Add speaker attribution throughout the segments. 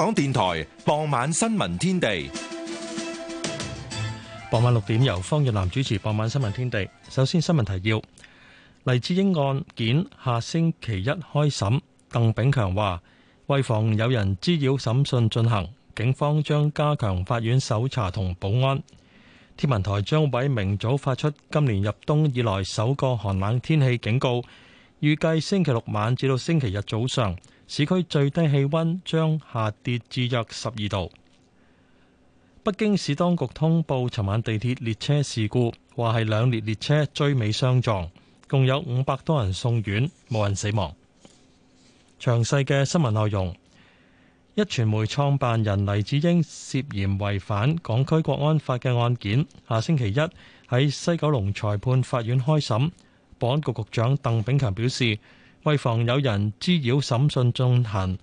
Speaker 1: 香港電台傍晚新聞天地，傍晚六點由方若男主持。傍晚新聞天地，首先新聞提要：黎智英案件下星期一開審，鄧炳強話為防有人滋擾審訊進行，警方將加強法院搜查同保安。天文台將會明早發出今年入冬以來首個寒冷天氣警告，預計星期六晚至到星期日早上。市區最低氣温將下跌至約十二度。北京市當局通報尋晚地鐵列車事故，話係兩列列車追尾相撞，共有五百多人送院，冇人死亡。詳細嘅新聞內容，壹傳媒創辦人黎智英涉嫌違反港區國安法嘅案件，下星期一喺西九龍裁判法院開審。保安局局長鄧炳強表示。為防有人滋擾審訊進行，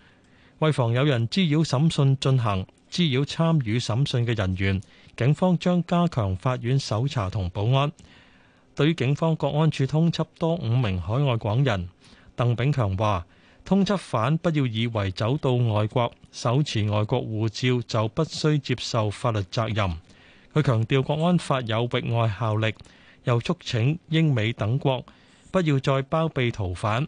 Speaker 1: 為防有人滋擾審訊進行、滋擾參與審訊嘅人員，警方將加強法院搜查同保安。對於警方國安處通緝多五名海外港人，鄧炳強話：通緝犯不要以為走到外國、手持外國護照就不須接受法律責任。佢強調國安法有域外效力，又促請英美等國不要再包庇逃犯。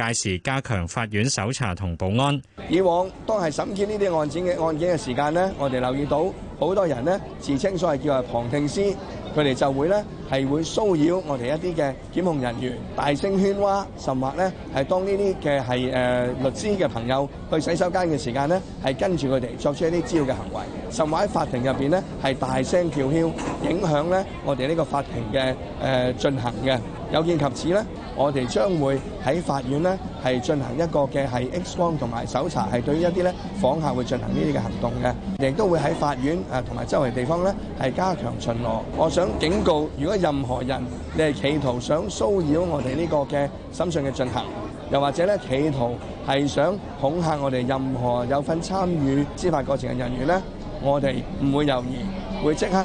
Speaker 2: 屆時加強法院搜查同保安。
Speaker 3: 以往當係審結呢啲案件嘅案件嘅時間咧，我哋留意到好多人咧自稱所謂叫係旁聽師。佢哋就會咧係會騷擾我哋一啲嘅檢控人員，大聲喧譁，甚至乎咧係當呢啲嘅係誒律師嘅朋友去洗手間嘅時間咧，係跟住佢哋作出一啲滋擾嘅行為，甚至乎喺法庭入邊咧係大聲叫囂，影響咧我哋呢個法庭嘅誒進行嘅。有見及此咧，我哋將會喺法院咧。係進行一個嘅係 X 光同埋搜查，係對於一啲咧訪客會進行呢啲嘅行動嘅，亦都會喺法院啊同埋周圍地方咧係加強巡邏。我想警告，如果任何人你係企圖想騷擾我哋呢個嘅審訊嘅進行，又或者咧企圖係想恐嚇我哋任何有份參與司法過程嘅人員咧，我哋唔會猶豫，會即刻。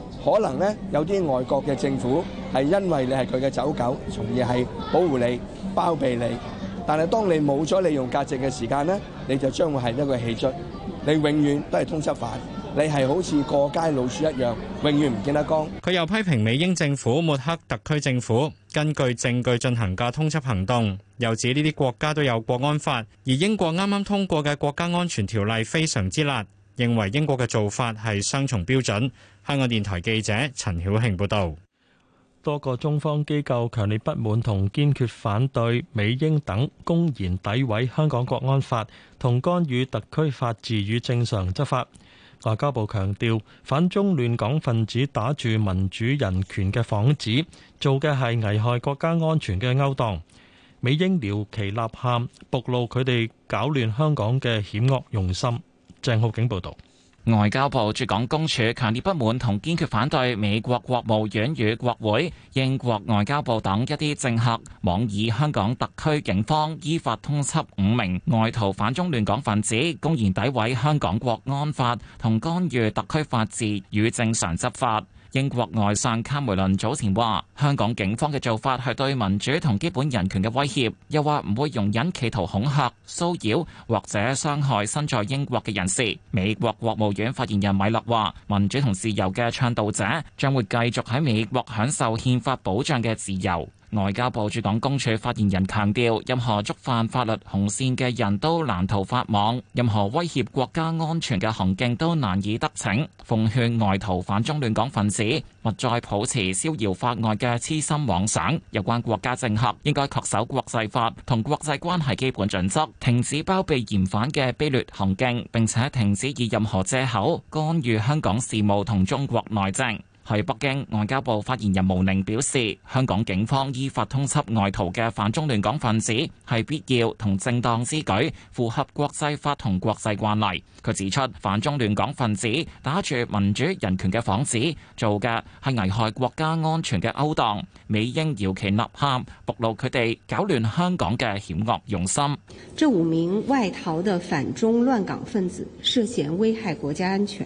Speaker 3: 可能呢，有啲外國嘅政府係因為你係佢嘅走狗，從而係保護你、包庇你。但係當你冇咗利用價值嘅時間呢，你就將會係一個棄卒，你永遠都係通緝犯，你係好似過街老鼠一樣，永遠唔見得光。
Speaker 2: 佢又批評美英政府抹黑特區政府根據證據進行嘅通緝行動，又指呢啲國家都有國安法，而英國啱啱通過嘅國家安全條例非常之辣。認為英國嘅做法係雙重標準。香港電台記者陳曉慶報道，
Speaker 1: 多個中方機構強烈不滿同堅決反對美英等公然詆毀香港國安法同干預特區法治與正常執法。外交部強調，反中亂港分子打住民主人權嘅幌子，做嘅係危害國家安全嘅勾當。美英搖旗吶喊，暴露佢哋搞亂香港嘅險惡用心。鄭浩景報道，
Speaker 4: 外交部駐港公署強烈不滿同堅決反對美國國務院與國會、英國外交部等一啲政客妄以香港特區警方依法通緝五名外逃反中亂港分子，公然詆毀香港國安法同干預特區法治與正常執法。英國外相卡梅倫早前話，香港警方嘅做法係對民主同基本人權嘅威脅，又話唔會容忍企圖恐嚇、騷擾或者傷害身在英國嘅人士。美國國務院發言人米勒話，民主同自由嘅倡導者將會繼續喺美國享受憲法保障嘅自由。外交部駐港公署發言人強調，任何觸犯法律紅線嘅人都難逃法網，任何威脅國家安全嘅行徑都難以得逞。奉勸外逃反中亂港分子，勿再抱持逍遙法外嘅痴心妄想。有關國家政客應該恪守國際法同國際關係基本準則，停止包庇嫌犯嘅卑劣行徑，並且停止以任何借口干預香港事務同中國內政。喺北京外交部發言人毛寧表示，香港警方依法通緝外逃嘅反中亂港分子係必要同正當之舉，符合國際法同國際慣例。佢指出，反中亂港分子打住民主人權嘅幌子，做嘅係危害國家安全嘅勾當，美英搖旗吶喊，暴露佢哋搞亂香港嘅險惡用心。
Speaker 5: 這五名外逃嘅反中亂港分子涉嫌危害國家安全。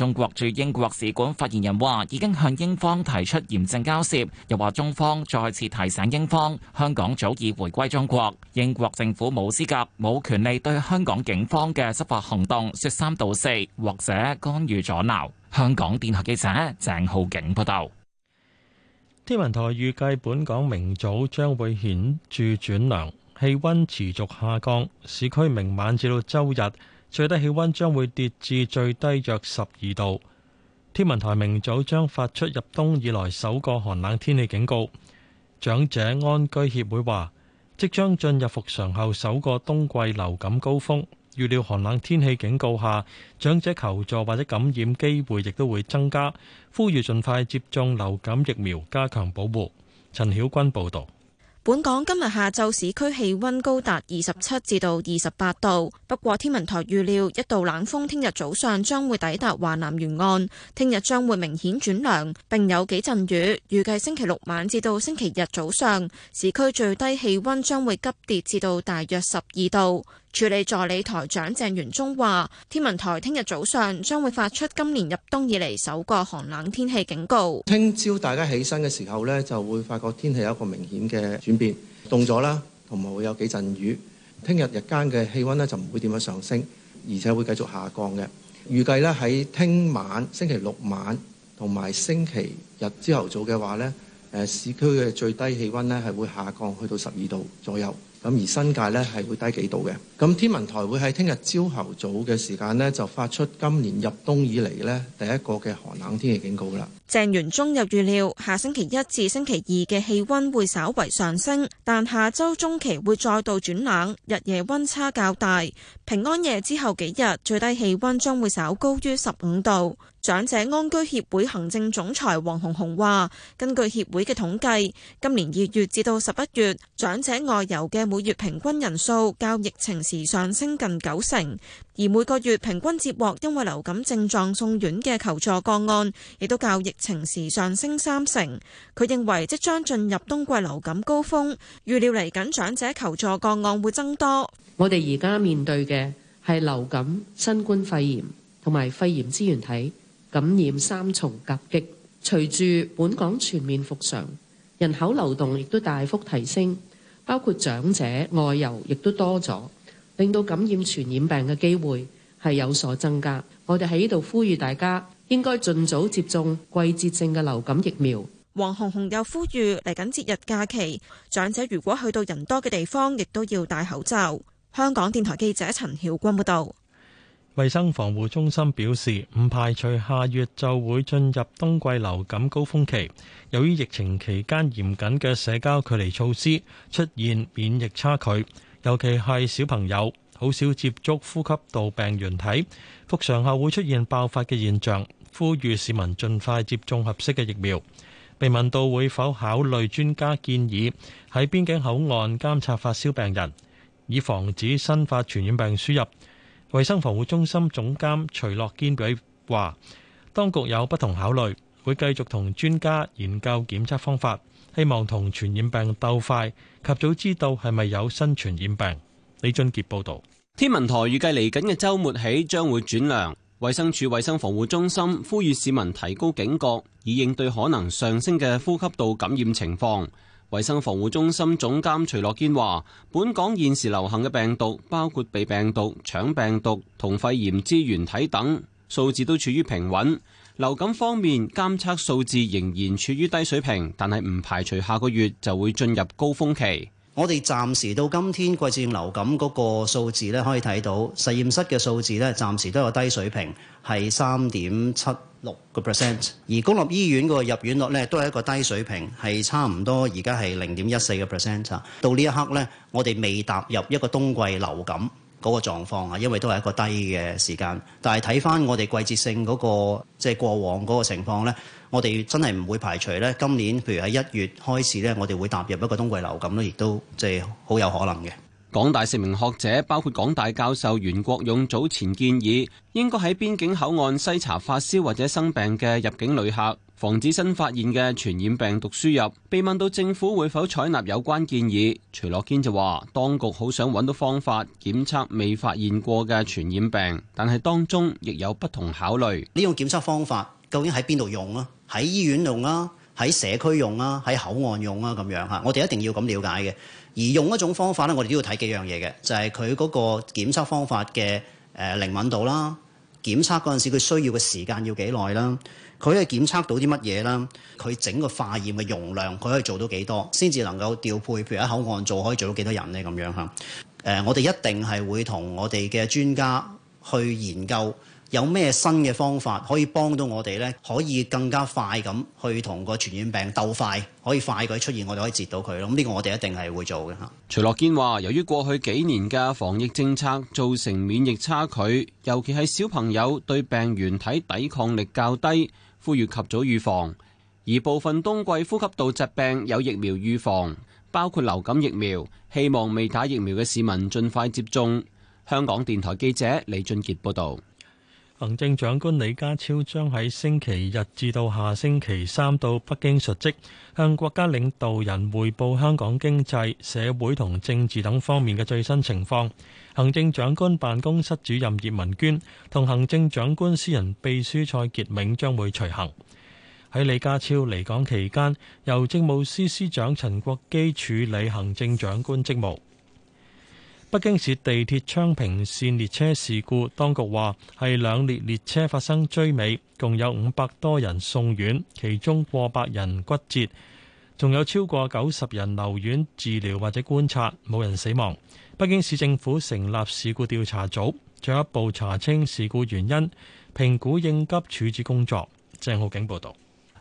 Speaker 4: 中國駐英國使館發言人話，已經向英方提出嚴正交涉，又話中方再次提醒英方，香港早已回歸中國，英國政府冇資格、冇權利對香港警方嘅執法行動說三道四，或者干預阻撓。香港電台記者鄭浩景報道。
Speaker 1: 天文台預計本港明早將會顯著轉涼，氣溫持續下降，市區明晚至到周日，最低氣溫將會跌至最低約十二度，天文台明早將發出入冬以來首個寒冷天氣警告。長者安居協會話，即將進入復常後首個冬季流感高峰，預料寒冷天氣警告下，長者求助或者感染機會亦都會增加，呼籲盡快接種流感疫苗，加強保護。陳曉君報道。
Speaker 5: 本港今日下晝市區氣溫高達二十七至到二十八度，不過天文台預料一道冷鋒聽日早上將會抵達華南沿岸，聽日將會明顯轉涼，並有幾陣雨。預計星期六晚至到星期日早上，市區最低氣溫將會急跌至到大約十二度。助理助理台長鄭元忠話：天文台聽日早上將會發出今年入冬以嚟首個寒冷天氣警告。
Speaker 3: 聽朝大家起身嘅時候呢，就會發覺天氣有一個明顯嘅轉變，凍咗啦，同埋會有幾陣雨。聽日日間嘅氣溫呢，就唔會點樣上升，而且會繼續下降嘅。預計呢，喺聽晚星期六晚同埋星期日朝頭早嘅話呢，誒，市區嘅最低氣溫呢，係會下降去到十二度左右。咁而新界咧係會低幾度嘅，咁天文台會喺聽日朝頭早嘅時間咧就
Speaker 6: 發出今年入冬以嚟咧第一個嘅寒冷天氣警告啦。
Speaker 5: 鄭元中又預料，下星期一至星期二嘅氣溫會稍為上升，但下周中期會再度轉冷，日夜溫差較大。平安夜之後幾日，最低氣溫將會稍高於十五度。長者安居協會行政總裁黃紅紅話，根據協會嘅統計，今年二月至到十一月，長者外遊嘅每月平均人數較疫情時上升近九成。而每個月平均接獲因為流感症狀送院嘅求助個案，亦都較疫情時上升三成。佢認為即將進入冬季流感高峰，預料嚟緊長者求助個案會增多。我哋而家面對嘅係流感、新冠肺
Speaker 7: 炎同埋肺炎支原體感染三重夾擊。隨住本港全面復常，人口流動亦都大幅提升，包括長者外遊亦都多咗。令到感染傳染病嘅機會係有所增加，我哋喺呢度呼籲大家應該盡早接種季節性嘅流感疫苗。
Speaker 5: 黃紅紅又呼籲嚟緊節日假期，長者如果去到人多嘅地方，亦都要戴口罩。香港電台記者陳曉君報道。
Speaker 1: 衛生防護中心表示，唔排除下月就會進入冬季流感高峰期。由於疫情期間嚴謹嘅社交距離措施，出現免疫差距。尤其係小朋友，好少接觸呼吸道病原體，復常後會出現爆發嘅現象，呼籲市民盡快接種合適嘅疫苗。被問到會否考慮專家建議喺邊境口岸監察發燒病人，以防止新發傳染病輸入，衞生防護中心總監徐樂堅表示，話當局有不同考慮，會繼續同專家研究檢測方法。希望同傳染病鬥快，及早知道係咪有新傳染病。李俊杰報導。
Speaker 8: 天文台預計嚟緊嘅週末起將會轉涼。衛生署衞生防護中心呼籲市民提高警覺，以應對可能上升嘅呼吸道感染情況。衞生防護中心總監徐樂堅話，本港現時流行嘅病毒包括鼻病毒、腸病毒同肺炎支原體等，數字都處於平穩。流感方面，監測數字仍然處
Speaker 9: 於低水平，但係唔排除下個月就會進入高峰期。我哋暫時到今天季節流感嗰個數字咧，可以睇到實驗室嘅數字咧，暫時都有低水平，係三點七六個 percent。而公立醫院嗰個入院率咧，都係一個低水平，係差唔多而家係零點一四個 percent。到呢一刻咧，我哋未踏入一個冬季流感。嗰個狀況啊，因為都係一個低嘅時間，但係睇翻我哋季節性嗰個即係過往嗰個情況咧，我哋真係唔會排除咧，今年譬如喺一月開始咧，我哋會踏入一個冬季流感咧，亦都即係好有可
Speaker 8: 能嘅。港大四名學者，包括港大教授袁國勇，早前建議應該喺邊境口岸篩查發燒或者生病嘅入境旅客，防止新發現嘅傳染病毒輸入。被問到政府會否採納有關建議，徐樂堅就話：當局好想揾到方法檢測未發現過嘅傳染病，但係當中
Speaker 9: 亦有不同考慮。呢種檢測方法究竟喺邊度用啊？喺醫院用啊？喺社區用啊？喺口岸用啊？咁樣嚇，我哋一定要咁了解嘅。而用一種方法咧，我哋都要睇幾樣嘢嘅，就係佢嗰個檢測方法嘅誒靈敏度啦，檢測嗰陣時佢需要嘅時間要幾耐啦，佢可以檢測到啲乜嘢啦，佢整個化驗嘅容量，佢可以做到幾多，先至能夠調配譬如喺口岸做可以做到幾多人咧，咁樣嚇。誒、呃，我哋一定係會同我哋嘅專家去研究。有咩新嘅方法可以幫到我哋咧？可以更加快咁去同個傳染病鬥快，可以快佢出現，我哋可以截到佢咯。呢個我哋一定係會做嘅。
Speaker 8: 徐樂堅話，由於過去幾年嘅防疫政策造成免疫差距，尤其係小朋友對病原體抵抗力較低，呼籲及早預防。而部分冬季呼吸道疾病有疫苗預防，包括流感疫苗，希望未打疫苗嘅市民盡快接種。香港電台記者李俊杰報道。
Speaker 1: 行政長官李家超將喺星期日至到下星期三到北京述職，向國家領導人匯報香港經濟、社會同政治等方面嘅最新情況。行政長官辦公室主任葉文娟同行政長官私人秘書蔡傑銘將會隨行。喺李家超離港期間，由政務司司長陳國基處理行政長官職務。北京市地鐵昌平線列車事故，當局話係兩列列車發生追尾，共有五百多人送院，其中過百人骨折，仲有超過九十人留院治療或者觀察，冇人死亡。北京市政府成立事故調查組，進一步查清事故原因，評估應急處置工作。鄭浩景報道。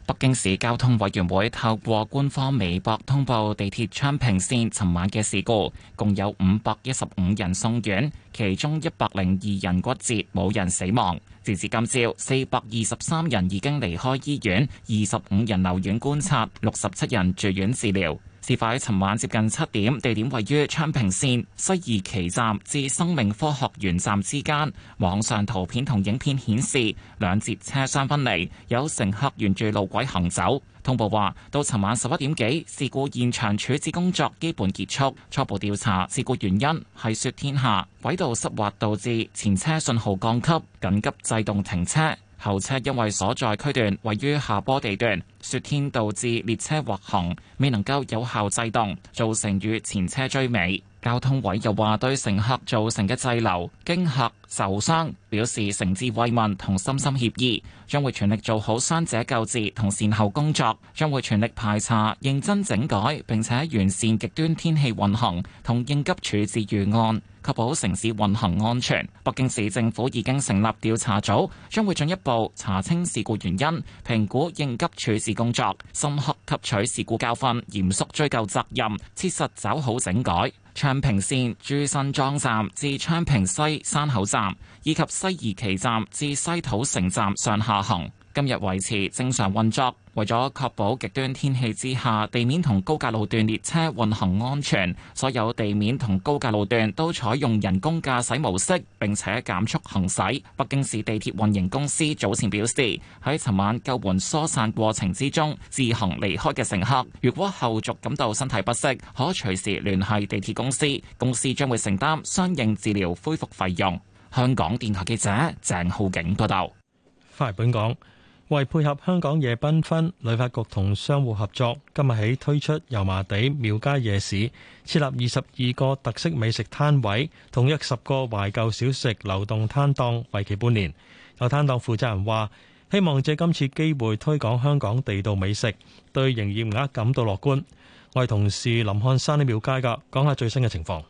Speaker 4: 北京市交通委員會透過官方微博通報，地鐵昌平線尋晚嘅事故，共有五百一十五人送院，其中一百零二人骨折，冇人死亡。截至今朝，四百二十三人已經離開醫院，二十五人留院觀察，六十七人住院治療。事發喺尋晚接近七點，地點位於昌平線西二旗站至生命科學園站之間。網上圖片同影片顯示，兩節車廂分離，有乘客沿住路軌行走。通報話，到尋晚十一點幾，事故現場處置工作基本結束。初步調查，事故原因係雪天下軌道濕滑，導致前車信號降級，緊急制動停車。後車因為所在區段位於下坡地段，雪天導致列車滑行，未能夠有效制動，造成與前車追尾。交通委又話對乘客造成嘅滯留、驚嚇、受傷，表示誠摯慰問同深深歉意，將會全力做好傷者救治同善後工作，將會全力排查、認真整改並且完善極端天氣運行同應急處置預案。確保城市運行安全。北京市政府已經成立調查組，將會進一步查清事故原因，評估應急處置工作，深刻吸取事故教訓，嚴肅追究責任，切實走好整改。昌平線朱辛莊站至昌平西山口站以及西二旗站至西土城站上下行，今日維持正常運作，為咗確保極端天氣之下地面同高架路段列車運行安全，所有地面同高架路段都採用人工駕駛模式，並且減速行駛。北京市地鐵運營公司早前表示，喺尋晚救援疏散過程之中自行離開嘅乘客，如果後續感到身體不適，可隨時聯繫地鐵公司，公司將會承擔相應治療恢復費用。香港電台記者鄭浩景報道。
Speaker 1: 翻嚟本港。為配合香港夜繽紛，旅發局同商戶合作，今日起推出油麻地廟街夜市，設立二十二個特色美食攤位，同一十個懷舊小食流動攤檔，為期半年。有攤檔負責人話：希望借今次機會推廣香港地道美食，對營業額感到樂觀。我係同事林漢山喺廟街㗎，講下最新嘅情況。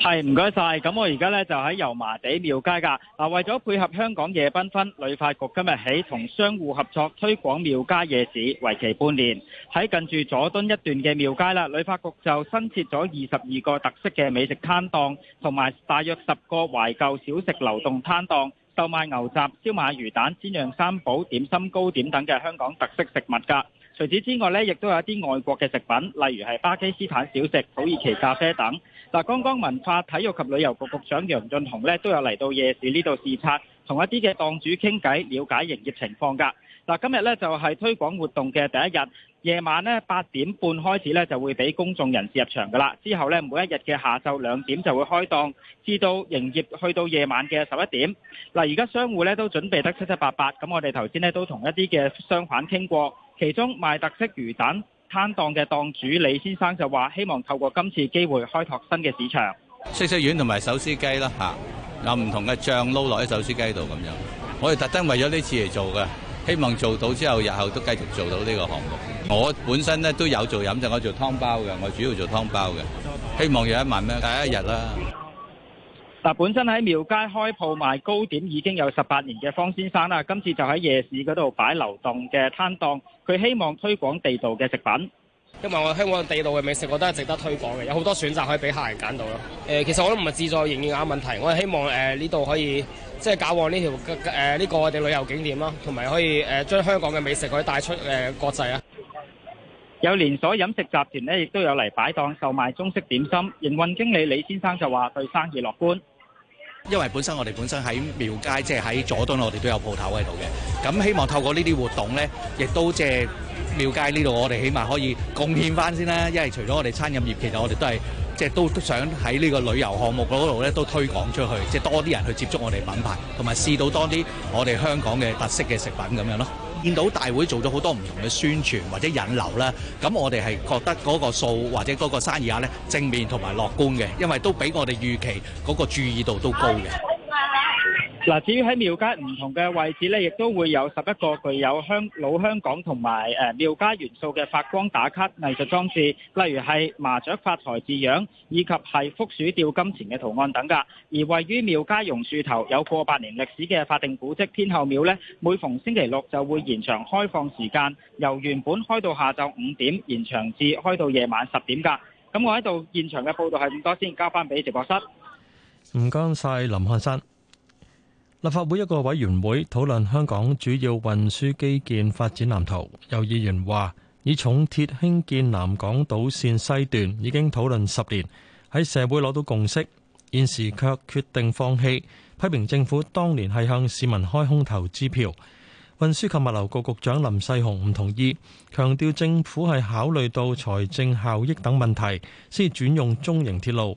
Speaker 10: 係，唔該晒。咁我而家咧就喺油麻地廟街噶。嗱、啊，為咗配合香港夜繽紛，旅發局今日起同商戶合作推廣廟街夜市，為期半年。喺近住佐敦一段嘅廟街啦，旅發局就新設咗二十二個特色嘅美食攤檔，同埋大約十個懷舊小食流動攤檔，售賣牛雜、燒賣、魚蛋、煎釀三寶、點心、糕點等嘅香港特色食物噶。除此之外咧，亦都有一啲外國嘅食品，例如係巴基斯坦小食、土耳其咖啡等。嗱，剛剛文化體育及旅遊局局長楊潤雄咧都有嚟到夜市呢度視察，同一啲嘅檔主傾偈，了解營業情況㗎。嗱，今日咧就係推廣活動嘅第一日，夜晚咧八點半開始咧就會俾公眾人士入場㗎啦。之後咧每一日嘅下晝兩點就會開檔，至到營業去到夜晚嘅十一點。嗱，而家商戶咧都準備得七七八八，咁我哋頭先咧都同一啲嘅商販傾過，其中賣特色魚蛋。攤檔嘅檔主李先生就話：希望透過今次機會開
Speaker 2: 拓新嘅市場，色色丸同埋手撕雞啦嚇，有唔同嘅醬撈落喺手撕雞
Speaker 6: 度咁樣。我哋特登為咗呢次嚟做嘅，希望做到之後，日後都繼續做到呢個項目。我本身咧都有做飲就，我做湯包嘅，我主要做湯包嘅。希望
Speaker 2: 有一萬蚊。第一日啦。嗱，本身喺廟街開鋪賣糕點已
Speaker 10: 經有十八年嘅方先生啦，今次就喺夜市嗰度擺流動嘅攤檔，佢希望推廣地道嘅食品。
Speaker 8: 因為我香港地道嘅美食，我都係值得推廣嘅，有好多選擇可以俾客人揀到咯。誒，其實我都唔係自助營業額嘅問題，我係希望誒呢度可以即係搞旺呢條誒呢、呃這個我哋旅遊景點咯，同埋可以誒、呃、將香港嘅美食可以帶出誒、呃、國
Speaker 10: 際啊。有連鎖飲食集團呢，亦都有嚟擺檔售賣中式點心。營運經理李先生就話：對
Speaker 6: 生意樂觀。因為本身我哋本身喺廟街，即係喺佐敦，我哋都有鋪頭喺度嘅。咁希望透過呢啲活動咧，亦都即係廟街呢度，我哋起碼可以貢獻翻先啦。因為除咗我哋餐飲業，其實我哋都係即係都想喺呢個旅遊項目嗰度咧，都推廣出去，即係多啲人去接觸我哋品牌，同埋試到多啲我哋香港嘅特色嘅食品咁樣咯。見到大會做咗好多唔同嘅宣傳或者引流啦，咁我哋係覺得嗰個數或者嗰個生意額呢，正面同埋樂觀嘅，因為都比我哋預期嗰個注意度都高嘅。嗱，至於
Speaker 10: 喺廟街唔同嘅位置咧，亦都會有十一個具有香老香港同埋誒廟街元素嘅發光打卡藝術裝置，例如係麻雀發財字樣，以及係福鼠吊金錢嘅圖案等㗎。而位於廟街榕樹頭有過百年歷史嘅法定古蹟天后廟咧，每逢星期六就會延長開放時間，由原本開到下晝五點，延長至開到夜晚十點㗎。咁我喺度現場嘅報道係咁多先，交翻俾直播室。
Speaker 1: 唔該晒林漢生。立法會一個委員會討論香港主要運輸基建發展藍圖，有議員話：以重鐵興建南港島線西段已經討論十年，喺社會攞到共識，現時卻決定放棄，批評政府當年係向市民開空頭支票。運輸及物流局局長林世雄唔同意，強調政府係考慮到財政效益等問題，先轉用中型鐵路。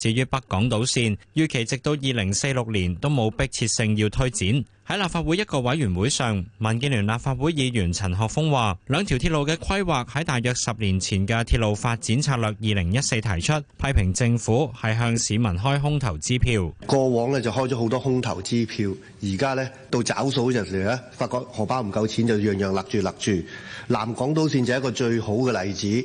Speaker 2: 至於北港島線，預期直到二零四六年都冇迫切性要推展。喺立法會一個委員會上，民建聯立法會議員陳學鋒話：兩條鐵路嘅規劃喺大約十年前嘅鐵路發展策略二零一四提出，批評政府係向市民開空頭支票。
Speaker 3: 過往呢就開咗好多空頭支票，而家呢，到找數嗰陣時咧，發覺荷包唔夠錢，就樣樣勒住勒住。南港島線就係一個最好嘅例子。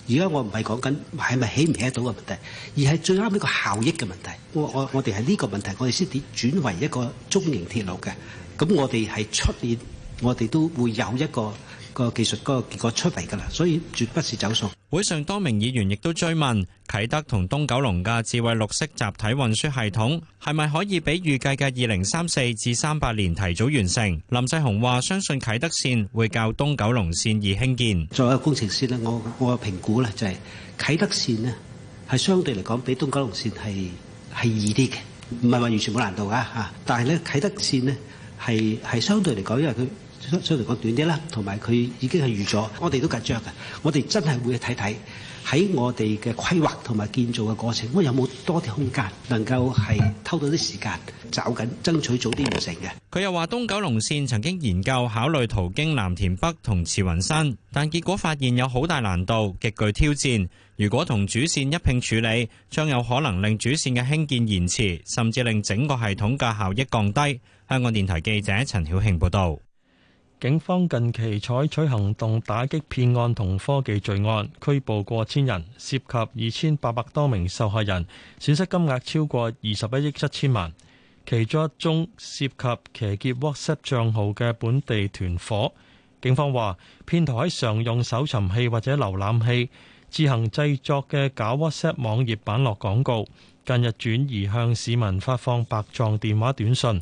Speaker 9: 而家我唔係講緊係咪起唔起得到嘅問題，而係最啱呢個效益嘅問題。我我我哋係呢個問題，我哋先至轉為一個中型鐵路嘅。咁我哋係出年，我哋都會有一個。個技術嗰個結果出嚟噶啦，所以絕不是走數。
Speaker 2: 會上多名議員亦都追問啓德同東九龍嘅智慧綠色集體運輸系統係咪可以比預計嘅二零三四至三八年提早完成？林世雄話：相信啟德綫會較東九龍
Speaker 9: 綫易興建。作為一個工程師咧，我我嘅評估咧就係啟德綫咧係相對嚟講比東九龍綫係係易啲嘅，唔係話完全冇難度噶吓。但係咧啟德綫咧係係相對嚟講，因為佢。相對嚟講短啲啦，同埋佢已經係預咗，我哋都緊張嘅。我哋真係會睇睇喺我哋嘅規劃同埋建造嘅過程，我有冇多啲空間能夠係偷到啲時間，找緊爭取早啲完成嘅。
Speaker 2: 佢又話：東九龍線曾經研究考慮途經藍田北同慈雲山，但結果發現有好大難度，極具挑戰。如果同主線一並處理，將有可能令主線嘅興建延遲，甚至令整個系統嘅效益降低。香港電台記者陳曉慶報道。警
Speaker 1: 方近期採取行動打擊騙案同科技罪案，拘捕過千人，涉及二千八百多名受害人，損失金額超過二十一億七千萬。其中一宗涉及騎劫 WhatsApp 帳號嘅本地團伙，警方話騙徒喺常用搜尋器或者瀏覽器自行製作嘅假 WhatsApp 網頁版落廣告，近日轉移向市民發放白撞電話短訊。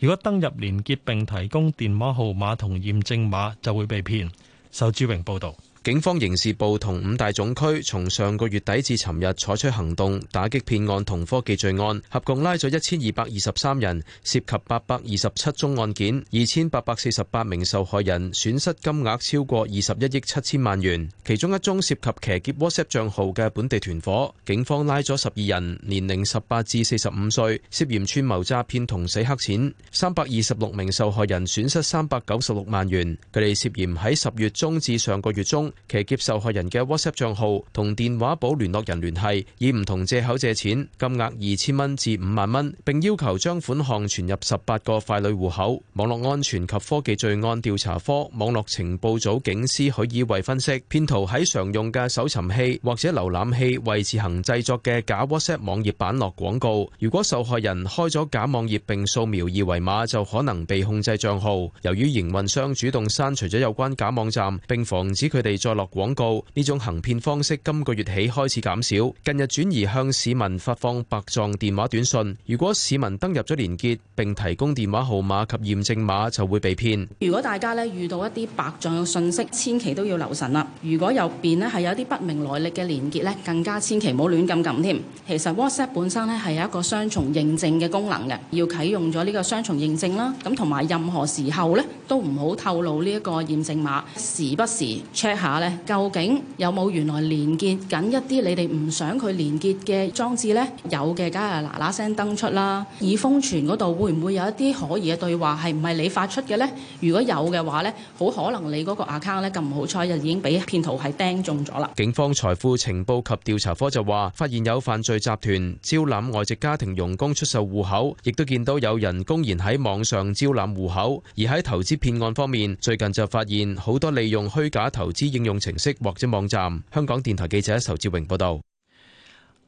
Speaker 1: 如果登入連結並提供電話號碼同驗證碼，就會被騙。仇志榮報導。
Speaker 11: 警方刑事部同五大總區從上個月底至尋日採取行動，打擊騙案同科技罪案，合共拉咗一千二百二十三人，涉及八百二十七宗案件，二千八百四十八名受害人損失金額超過二十一億七千萬元。其中一宗涉及騎劫 WhatsApp 賬號嘅本地團伙，警方拉咗十二人，年齡十八至四十五歲，涉嫌串謀詐騙同洗黑錢，三百二十六名受害人損失三百九十六萬元。佢哋涉嫌喺十月中至上個月中。其劫受害人嘅 WhatsApp 賬號同電話簿聯絡人聯繫，以唔同借口借錢，金額二千蚊至五萬蚊，並要求將款項存入十八個傀儡戶口。網絡安全及科技罪案調查科網絡情報組警司許以維分析，騙徒喺常用嘅搜尋器或者瀏覽器為，自行製作嘅假 WhatsApp 網頁版落廣告。如果受害人開咗假網頁並掃描二維碼，就可能被控制賬號。由於營運商主動刪除咗有關假網站，並防止佢哋。再落廣告呢種行騙方式，今個月起開始減少。近日轉移向市民發放白撞電話短信，如果市民登入咗連結並提供電話號碼及驗證碼，就會被騙。
Speaker 7: 如果大家呢遇到一啲白撞嘅信息，千祈都要留神啦。如果入邊呢係有啲不明來歷嘅連結呢，更加千祈唔好亂撳撳添。其實 WhatsApp 本身呢係有一個雙重認證嘅功能嘅，要啟用咗呢個雙重認證啦。咁同埋任何時候呢都唔好透露呢一個驗證碼，時不時 check 下。呢，究竟有冇原來連結緊一啲你哋唔想佢連結嘅裝置呢？有嘅，梗係嗱嗱聲登出啦。已封存嗰度會唔會有一啲可疑嘅對話係唔係你發出嘅呢？如果有嘅話呢，好可能你嗰個 account 呢，咁唔好彩就已經俾騙徒係釘中咗啦。
Speaker 11: 警方財富情報及調查科就話，發現有犯罪集團招攬外籍家庭傭工出售戶口，亦都見到有人公然喺網上招攬戶口。而喺投資騙案方面，最近就發現好多利用虛假投資。應用程式或者網站。香港電台記者仇志榮報道，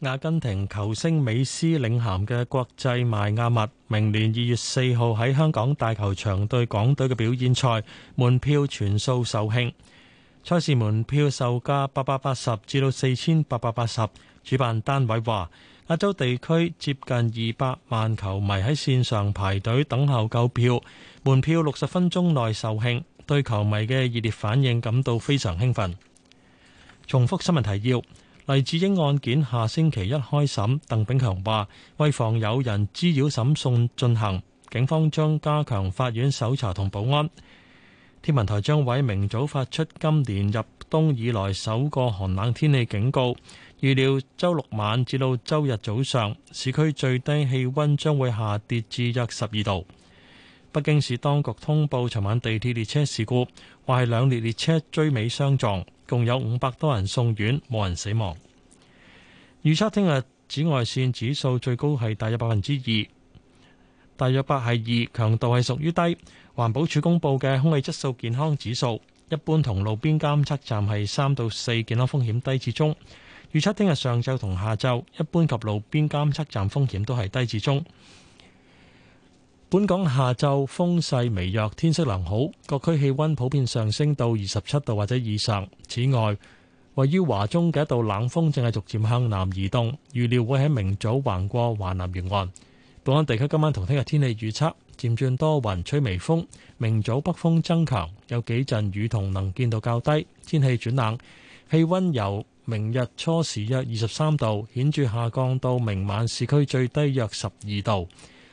Speaker 1: 阿根廷球星美斯領銜嘅國際邁亞密明年二月四號喺香港大球場對港隊嘅表演賽，門票全數售罄。賽事門票售價八百八十至到四千八百八十。主辦單位話，亞洲地區接近二百萬球迷喺線上排隊等候購票，門票六十分鐘內售罄。對球迷嘅熱烈反應感到非常興奮。重複新聞提要：黎智英案件下星期一開審，鄧炳強話，為防有人滋擾審訊進行，警方將加強法院搜查同保安。天文台將會明早發出今年入冬以來首個寒冷天氣警告，預料週六晚至到週日早上，市區最低氣温將會下跌至約十二度。北京市當局通報，尋晚地鐵列車事故，話係兩列列車追尾相撞，共有五百多人送院，冇人死亡。預測聽日紫外線指數最高係大約百分之二，大約八係二，強度係屬於低。環保署公布嘅空氣質素健康指數，一般同路邊監測站係三到四，健康風險低至中。預測聽日上晝同下晝，一般及路邊監測站風險都係低至中。本港下晝風勢微弱，天色良好，各區氣溫普遍上升到二十七度或者以上。此外，位於華中嘅一道冷鋒正係逐漸向南移動，預料會喺明早橫過華南沿岸。本港地區今晚同聽日天氣預測，漸轉多雲，吹微風。明早北風增強，有幾陣雨，同能見度較低。天氣轉冷，氣溫由明日初時約二十三度，顯著下降到明晚市區最低約十二度。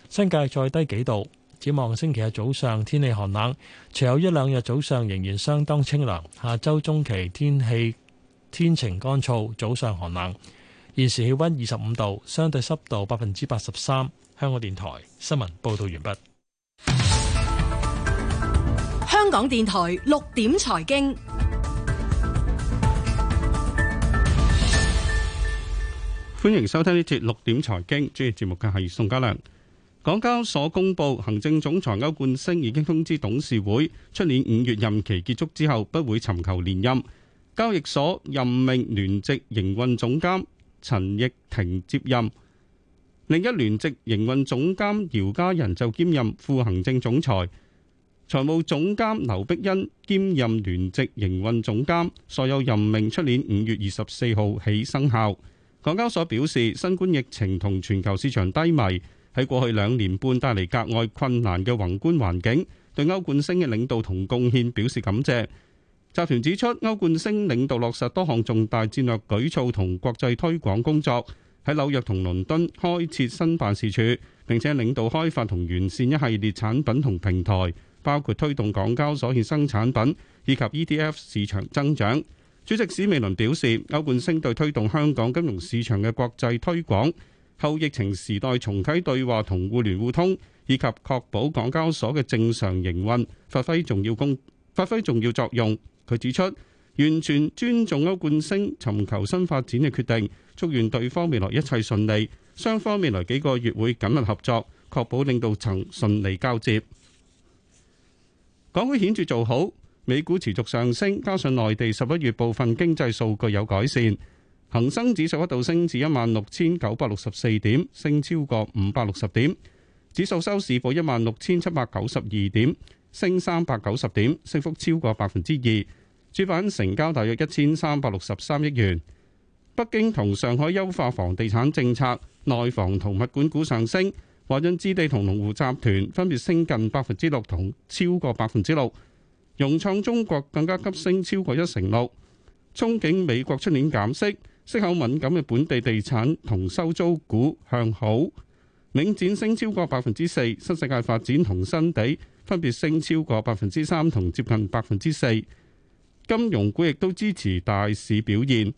Speaker 1: 新界再低幾度。展望星期日早上天氣寒冷，隨後一兩日早上仍然相當清涼，下周中期天氣天晴乾燥，早上寒冷。現時氣溫二十五度，相對濕度百分之八十三。香港電台新聞報道完畢。
Speaker 7: 香港電台六點財經，財
Speaker 12: 經，歡迎收聽呢節六點財經，主持節目嘅係宋家良。港交所公布，行政總裁歐冠昇已經通知董事會，出年五月任期結束之後不會尋求連任。交易所任命聯席營運總監陳翊庭接任，另一聯席營運總監姚嘉仁就兼任副行政總裁，財務總監劉碧欣兼，兼任聯席營運總監。所有任命出年五月二十四號起生效。港交所表示，新冠疫情同全球市場低迷。喺過去兩年半帶嚟格外困難嘅宏觀環境，對歐冠星嘅領導同貢獻表示感謝。集團指出，歐冠星領導落實多項重大戰略舉措同國際推廣工作，喺紐約同倫敦開設新辦事處，並且領導開發同完善一系列產品同平台，包括推動港交所衍生產品以及 ETF 市場增長。主席史美倫表示，歐冠星對推動香港金融市場嘅國際推廣，後疫情時代重啟對話同互聯互通，以及確保港交所嘅正常營運發揮重要功發揮重要作用。佢指出，完全尊重歐冠星尋求新發展嘅決定，祝願對方未來一切順利。雙方未來幾個月會緊密合作，確保領導層順利交接。港會顯著做好，美股持續上升，加上內地十一月部分經濟數據有改善。恒生指數一度升至一萬六千九百六十四點，升超過五百六十點。指數收市報一萬六千七百九十二點，升三百九十點，升幅超過百分之二。主板成交大約一千三百六十三億元。北京同上海優化房地產政策，內房同物管股上升。華潤置地同龍湖集團分別升近百分之六同超過百分之六。融創中國更加急升超過一成六。憧憬美國出年減息。息口敏感嘅本地地產同收租股向好，領展升超過百分之四，新世界發展同新地分別升超過百分之三同接近百分之四。金融股亦都支持大市表現。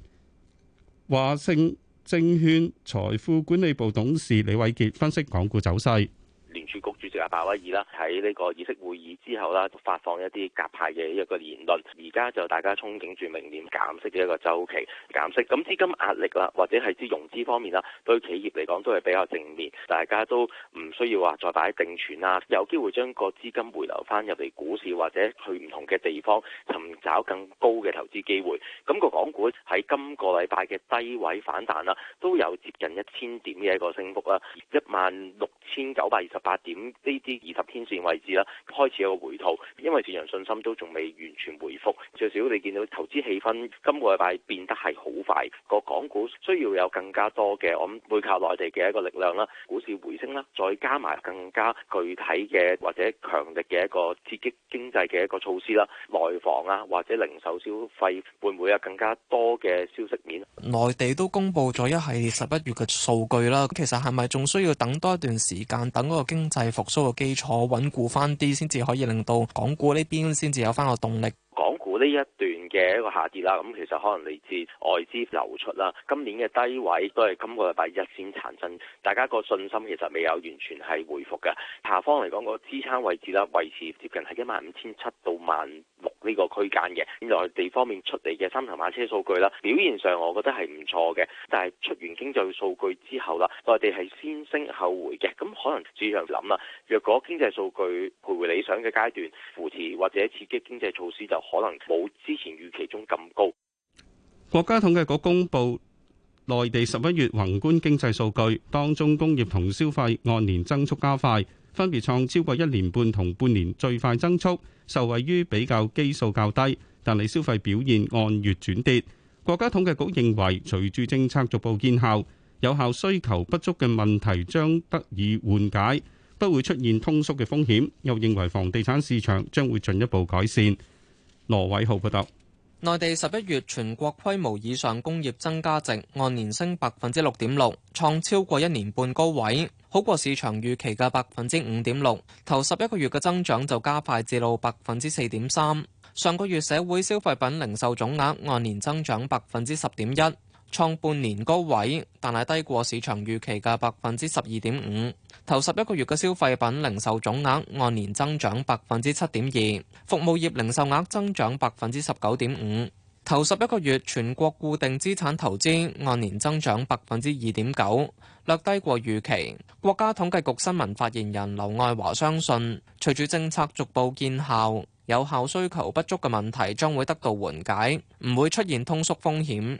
Speaker 12: 華盛證券財富管理部董事李偉傑分析港股走勢。
Speaker 6: 聯儲局主席阿鮑威爾啦，喺呢個議息會議之後啦，發放一啲鴿派嘅一個言論。而家就大家憧憬住明年減息嘅一個週期減息。咁資金壓力啦，或者係啲融資方面啦，對企業嚟講都係比較正面。大家都唔需要話再擺定存啦，有機會將個資金回流翻入嚟股市或者去唔同嘅地方尋找更高嘅投資機會。咁個港股喺今個禮拜嘅低位反彈啦，都有接近一千點嘅一個升幅啦，一萬六千九百二十八點呢啲二十天線位置啦，開始有個回吐。因為市場信心都仲未完全回復，最少你見到投資氣氛今個禮拜變得係好快。個港股需要有更加多嘅我諗背靠內地嘅一個力量啦，股市回升啦，再加埋更加具體嘅或者強力嘅一個刺激經濟嘅一個措施啦，內房啊或者零售消費會唔會有更加多嘅消息面？
Speaker 13: 內地都公布咗一系列十一月嘅數據啦，其實係咪仲需要等多一段時間，等嗰個經濟復甦嘅基礎穩固翻啲，先至可以令到港股？股呢邊先至有翻個動力，
Speaker 6: 港股呢一段嘅一個下跌啦，咁其實可能嚟自外資流出啦，今年嘅低位都係今個禮拜一先產生，大家個信心其實未有完全係恢復嘅，下方嚟講個支撐位置啦，維持接近係一萬五千七到萬。呢個區間嘅，內地方面出嚟嘅三頭馬車數據啦，表現上我覺得係唔錯嘅，但係出完經濟數據之後啦，內地係先升後回嘅，咁可能市場諗啦，若果經濟數據徘徊理想嘅階段，扶持或者刺激經濟措施就可能冇之前預期中咁高。
Speaker 12: 國家統計局公布內地十一月宏觀經濟數據，當中工業同消費按年增速加快。分別創超過一年半同半年最快增速，受惠於比較基數較低，但係消費表現按月轉跌。國家統計局認為，隨住政策逐步見效，有效需求不足嘅問題將得以緩解，不會出現通縮嘅風險。又認為房地產市場將會進一步改善。羅偉浩報導。
Speaker 13: 內地十一月全國規模以上工業增加值按年升百分之六點六，創超過一年半高位。好過市場預期嘅百分之五點六。頭十一個月嘅增長就加快至到百分之四點三。上個月社會消費品零售總額按年增長百分之十點一。創半年高位，但係低過市場預期嘅百分之十二點五。頭十一個月嘅消費品零售總額按年增長百分之七點二，服務業零售額增長百分之十九點五。頭十一個月全國固定資產投資按年增長百分之二點九，略低過預期。國家統計局新聞發言人劉愛華相信，隨住政策逐步見效，有效需求不足嘅問題將會得到緩解，唔會出現通縮風險。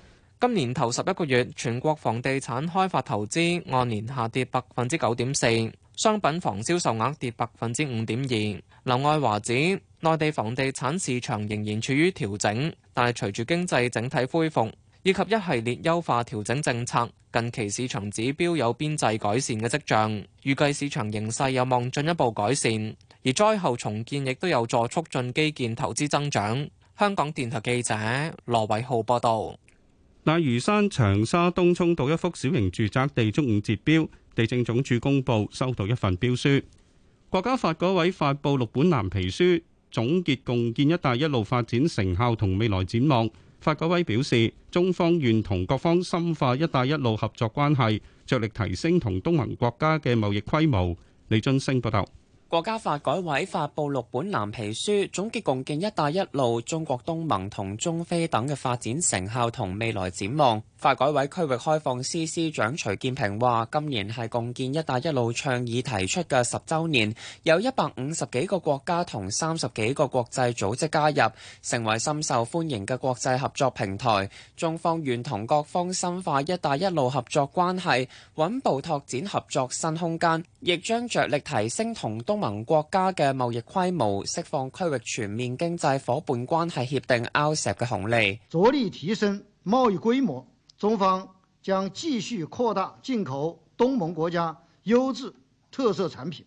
Speaker 13: 今年頭十一個月，全國房地產開發投資按年下跌百分之九點四，商品房銷售額跌百分之五點二。劉愛華指，內地房地產市場仍然處於調整，但係隨住經濟整體恢復以及一系列優化調整政策，近期市場指標有邊際改善嘅跡象，預計市場形勢有望進一步改善。而災後重建亦都有助促進基建投資增長。香港電台記者羅偉浩報道。
Speaker 12: 大嶼山長沙東涌道一幅小型住宅地中午截標，地政總署公布收到一份標書。國家發改委發布六本藍皮書，總結共建“一帶一路”發展成效同未來展望。發改委表示，中方願同各方深化“一帶一路”合作關係，着力提升同東盟國家嘅貿易規模。李津升報道。
Speaker 14: 國家發改委發布六本藍皮書，總結共建“一帶一路”中國東盟同中非等嘅發展成效同未來展望。發改委區域開放司司長徐建平話：今年係共建“一帶一路”倡議提出嘅十週年，有一百五十幾個國家同三十幾個國際組織加入，成為深受歡迎嘅國際合作平台。中方願同各方深化“一帶一路”合作關係，穩步拓展合作新空間，亦將着力提升同東盟國家嘅貿易規模，釋放區域全面經濟夥伴關係協定 RCEP 嘅紅利，着力提升貿易規模。中
Speaker 9: 方將繼續擴大進口東盟國家優質特色產品，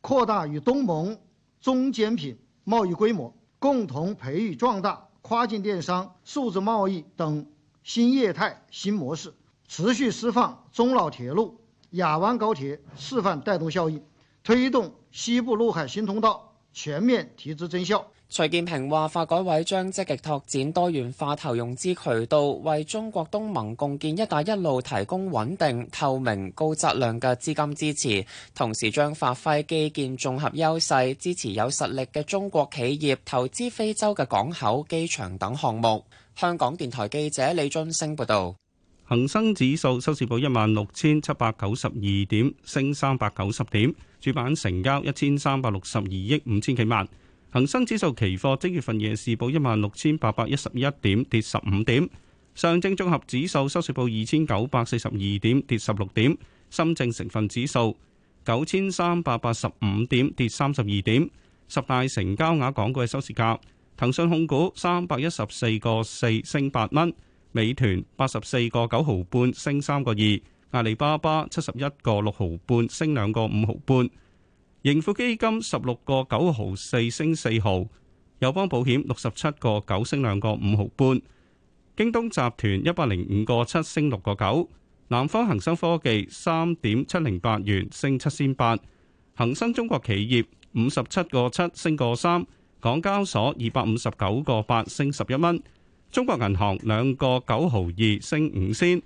Speaker 9: 擴大與東盟中間品貿易規模，共同培育壯大跨境電商、數字貿易等新業態新模式，持續釋放中老鐵路、雅萬高鐵示範帶動效應。推動西部陸海新通道全面提質增效。徐建平話：
Speaker 14: 發改委將積極拓展多元化投融資渠道，為中國東盟共建“一帶一路”提供穩定、透明、高質量嘅資金支持。同時，將發揮基建綜合優勢，支持有實力嘅中國企業投資非洲嘅港口、機場等項目。香港電台記者李津星報道。
Speaker 12: 恒生指數收市報一萬六千七百九十二點，升三百九十點。主板成交一千三百六十二億五千幾萬。恒生指數期貨即月份夜市報一萬六千八百一十一點，跌十五點。上證綜合指數收市報二千九百四十二點，跌十六點。深證成分指數九千三百八十五點，跌三十二點。十大成交額港股嘅收市價，騰訊控股三百一十四個四升八蚊。美團八十四個九毫半，升三個二；阿里巴巴七十一個六毫半，升兩個五毫半；盈富基金十六個九毫四，升四毫；友邦保險六十七個九，升兩個五毫半；京東集團一百零五個七，升六個九；南方恒生科技三點七零八元，升七仙八；恒生中國企業五十七個七，升個三；港交所二百五十九個八，升十一蚊。中國銀行兩個九毫二，升五仙。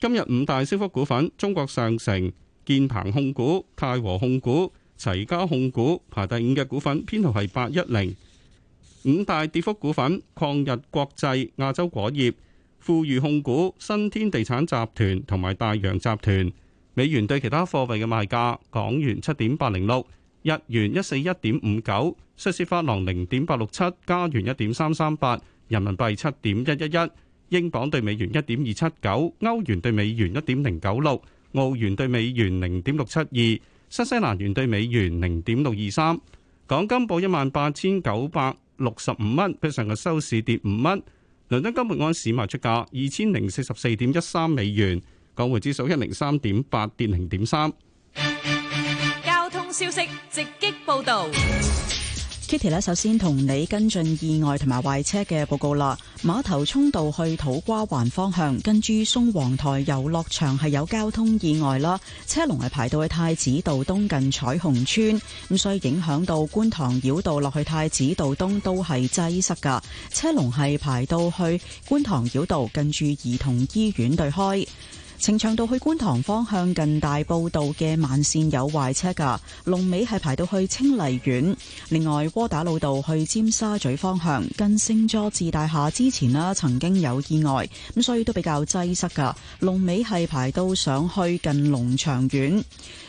Speaker 12: 今日五大升幅股份：中國上城、建鵬控股、泰和控股、齊家控股。排第五嘅股份編號係八一零。五大跌幅股份：抗日國際、亞洲果業、富裕控股、新天地產集團同埋大洋集團。美元對其他貨幣嘅賣價：港元七點八零六，日元一四一點五九，瑞士法郎零點八六七，加元一點三三八。人民幣七點一一一，英鎊兌美元一點二七九，歐元兌美元一點零九六，澳元兌美元零點六七二，新西蘭元兌美元零點六二三。港金報一萬八千九百六十五蚊，比上日收市跌五蚊。倫敦金每安士賣出價二千零四十四點一三美元，港匯指數一零三點八，跌零點三。
Speaker 5: 交通消息直擊報道。
Speaker 7: Kitty 咧，首先同你跟進意外同埋壞車嘅報告啦。馬頭涌道去土瓜灣方向，跟住宋皇臺遊樂場係有交通意外啦，車龍係排到去太子道東近彩虹邨，咁所以影響到觀塘繞道落去太子道東都係擠塞㗎，車龍係排到去觀塘繞道近住兒童醫院對開。呈祥道去觀塘方向近大埔道嘅慢線有壞車噶，龍尾係排到去青麗苑。另外，窩打老道去尖沙咀方向近星佐治大廈之前啦，曾經有意外，咁所以都比較擠塞噶，龍尾係排到上去近龍翔苑。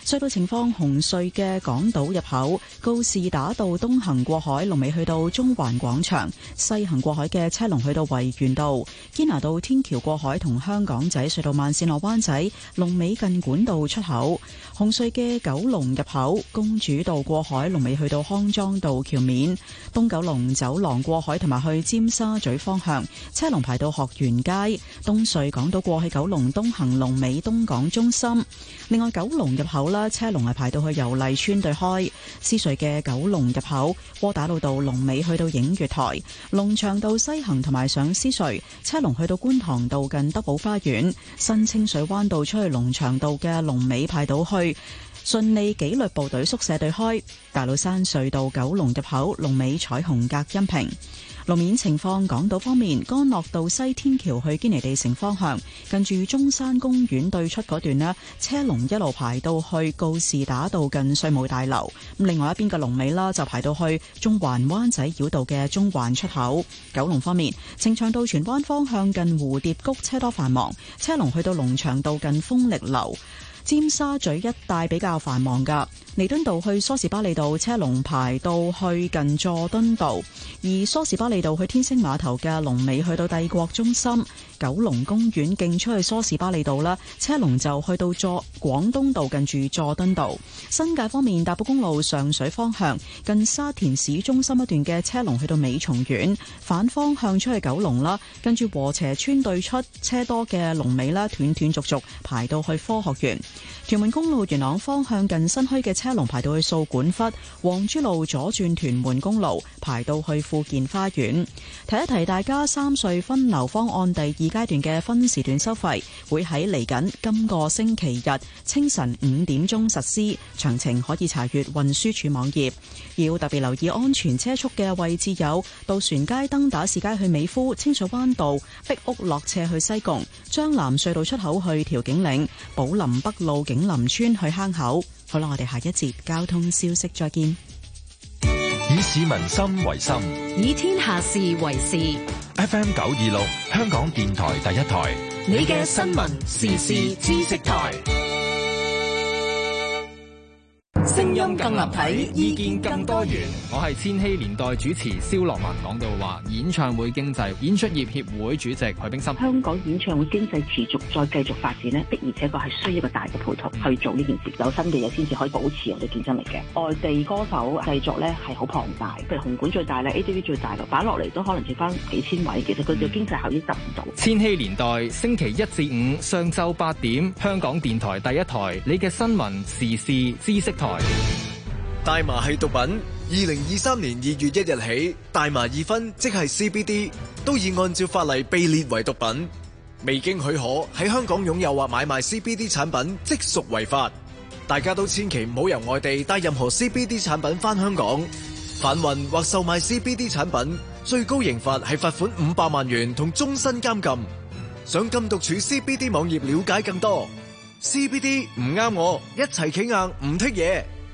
Speaker 7: 隧道情況：紅隧嘅港島入口告士打道東行過海龍尾去到中環廣場，西行過海嘅車龍去到維園道堅拿道天橋過海同香港仔隧道慢線落灣仔龍尾近管道出口。紅隧嘅九龍入口公主道過海龍尾去到康莊道橋面，東九龍走廊過海同埋去尖沙咀方向車龍排到學園街，東隧港島過去九龍東行龍尾東港中心。另外九龍入口。啦，車龍係排到去油麗村對開，獅隧嘅九龍入口窩打老道龍尾去到映月台，龍翔道西行同埋上獅隧，車龍去到觀塘道近德寶花園，新清水灣道出去龍翔道嘅龍尾排到去，順利紀律部隊宿舍對開，大老山隧道九龍入口龍尾彩虹隔音屏。路面情況，港島方面，幹諾道西天橋去堅尼地城方向，近住中山公園對出嗰段咧，車龍一路排到去告士打道近稅務大樓。咁另外一邊嘅龍尾啦，就排到去中環灣仔繞道嘅中環出口。九龍方面，呈祥道荃灣方向近蝴蝶谷車多繁忙，車龍去到龍翔道近風力樓、尖沙咀一帶比較繁忙噶。彌敦道去梳士巴利道車龍排到去近佐敦道，而梳士巴利道去天星碼頭嘅龍尾去到帝國中心、九龍公園，勁出去梳士巴利道啦，車龍就去到佐廣東道近住佐敦道。新界方面，大埔公路上水方向近沙田市中心一段嘅車龍去到美松園，反方向出去九龍啦，跟住和斜村對出車多嘅龍尾啦，斷斷續續，續排到去科學園。屯門公路元朗方向近新墟嘅車龍排到去掃管笏，黃珠路左轉屯門公路排到去富健花園。提一提大家，三隧分流方案第二階段嘅分時段收費會喺嚟緊今個星期日清晨五點鐘實施，詳情可以查閱運輸署網頁。要特別留意安全車速嘅位置有：渡船街、登打士街去美孚，清水灣道壁屋落斜去西貢。將軍澳隧道出口去調景嶺，寶林北路景林村去坑口。好啦，我哋下一節交通消息再見。
Speaker 6: 以市民心為心，
Speaker 7: 以天下
Speaker 4: 事為事。
Speaker 6: FM 九二六，香港電台第一台，
Speaker 4: 你嘅新聞時事知識台。
Speaker 13: 聲音更立體，意見更多元。我係千禧年代主持蕭樂文講到話，演唱會經濟，演出業協會主席許冰心。香港演唱會經濟持續
Speaker 7: 再繼續發展呢的而且確係需要一個大嘅配套去做呢件事，有新嘅嘢先至可以保持我哋競爭力嘅。外地歌手製作咧係好龐大，譬如紅館最大咧，A D V 最大嘅，擺落嚟都可能剩翻幾千位，其實佢嘅經濟效益得唔到。
Speaker 13: 千禧年代星期一至五上晝八點，香港電台第一台，你嘅新聞時事知識台。
Speaker 11: 大麻係毒品。二零二三年二月一日起，大麻二酚即係 CBD，都已按照法例被列為毒品。未經許可喺香港擁有或買賣 CBD 產品，即屬違法。大家都千祈唔好由外地帶任何 CBD 產品返香港。販運或售賣 CBD 產品，最高刑罰係罰款五百萬元同終身監禁。想禁毒處 CBD 網頁了解更多。CBD 唔啱我，一齊企硬唔剔嘢。